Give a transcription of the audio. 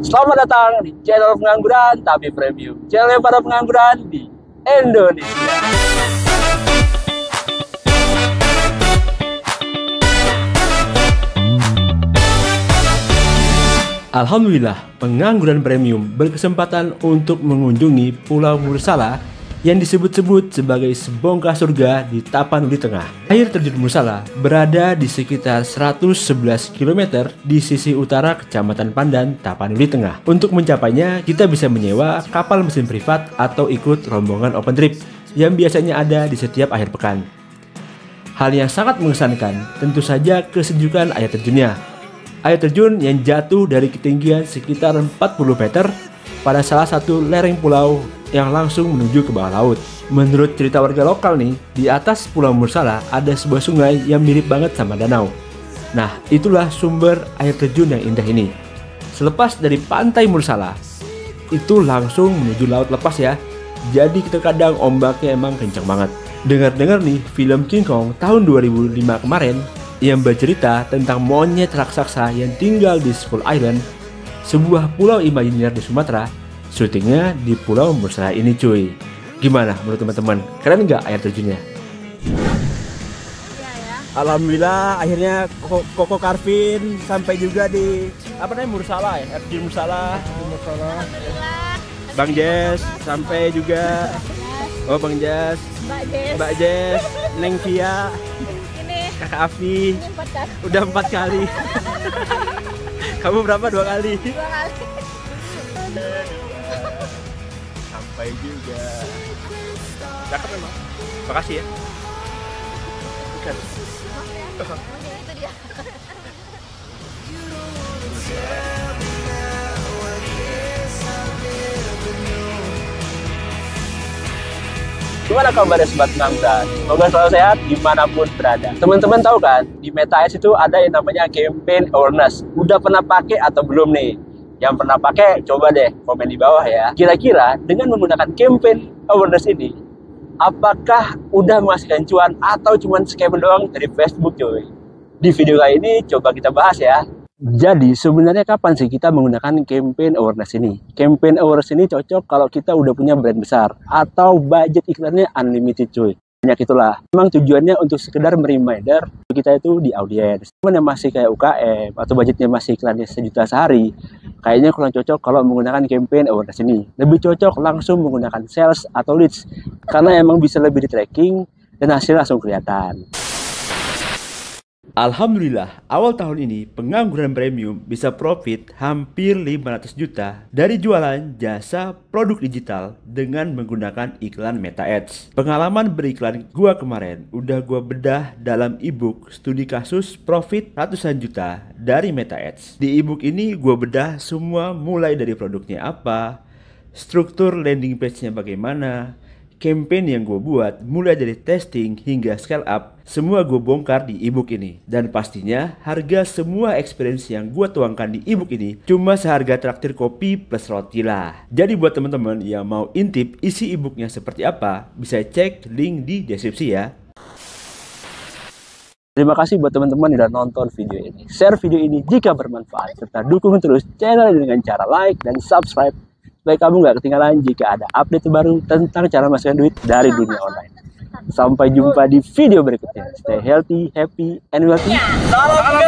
Selamat datang di channel pengangguran tapi premium. Channel para pengangguran di Indonesia. Alhamdulillah, pengangguran premium berkesempatan untuk mengunjungi Pulau Mursalah yang disebut-sebut sebagai sebongkah surga di Tapanuli Tengah. Air terjun Musala berada di sekitar 111 km di sisi utara Kecamatan Pandan, Tapanuli Tengah. Untuk mencapainya, kita bisa menyewa kapal mesin privat atau ikut rombongan open trip yang biasanya ada di setiap akhir pekan. Hal yang sangat mengesankan tentu saja kesejukan air terjunnya. Air terjun yang jatuh dari ketinggian sekitar 40 meter pada salah satu lereng pulau yang langsung menuju ke bawah laut. Menurut cerita warga lokal nih, di atas Pulau Mursala ada sebuah sungai yang mirip banget sama danau. Nah, itulah sumber air terjun yang indah ini. Selepas dari pantai Mursala, itu langsung menuju laut lepas ya. Jadi kadang-kadang ombaknya emang kencang banget. Dengar-dengar nih, film King Kong tahun 2005 kemarin yang bercerita tentang monyet raksasa yang tinggal di Skull Island, sebuah pulau imajiner di Sumatera syutingnya di Pulau Musra ini cuy. Gimana menurut teman-teman? Keren nggak air terjunnya? Iya, ya. Alhamdulillah akhirnya Koko Karvin sampai juga di apa namanya Mursala ya, Erjun Mursala. Mursala. Bang Jess sampai juga. Oh Bang Jess. Mbak Jess. Mbak Jess, Neng Kakak Afi. Udah empat kali. Kamu berapa? Dua kali. Dua kali. baik juga cakep memang terima kasih ya bukan Gimana itu dia Gimana Sobat Nangsa? Semoga selalu sehat dimanapun berada. Teman-teman tahu kan, di Meta itu ada yang namanya campaign awareness. Udah pernah pakai atau belum nih? yang pernah pakai coba deh komen di bawah ya kira-kira dengan menggunakan campaign awareness ini apakah udah menghasilkan cuan atau cuma scam doang dari Facebook cuy di video kali ini coba kita bahas ya jadi sebenarnya kapan sih kita menggunakan campaign awareness ini? Campaign awareness ini cocok kalau kita udah punya brand besar atau budget iklannya unlimited cuy banyak itulah. Memang tujuannya untuk sekedar reminder kita itu di audiens. Cuman yang masih kayak UKM atau budgetnya masih iklannya sejuta sehari, kayaknya kurang cocok kalau menggunakan campaign awareness ini. Lebih cocok langsung menggunakan sales atau leads karena emang bisa lebih di tracking dan hasil langsung kelihatan. Alhamdulillah, awal tahun ini pengangguran premium bisa profit hampir 500 juta dari jualan jasa produk digital dengan menggunakan iklan Meta Ads. Pengalaman beriklan gua kemarin udah gua bedah dalam ebook studi kasus profit ratusan juta dari Meta Ads. Di ebook ini gua bedah semua mulai dari produknya apa, struktur landing page-nya bagaimana, campaign yang gue buat mulai dari testing hingga scale up semua gue bongkar di ebook ini dan pastinya harga semua experience yang gue tuangkan di ebook ini cuma seharga traktir kopi plus roti lah jadi buat teman-teman yang mau intip isi ebooknya seperti apa bisa cek link di deskripsi ya Terima kasih buat teman-teman yang sudah nonton video ini. Share video ini jika bermanfaat, serta dukung terus channel ini dengan cara like dan subscribe supaya kamu nggak ketinggalan jika ada update terbaru tentang cara masukin duit dari dunia online. Sampai jumpa di video berikutnya. Stay healthy, happy, and wealthy.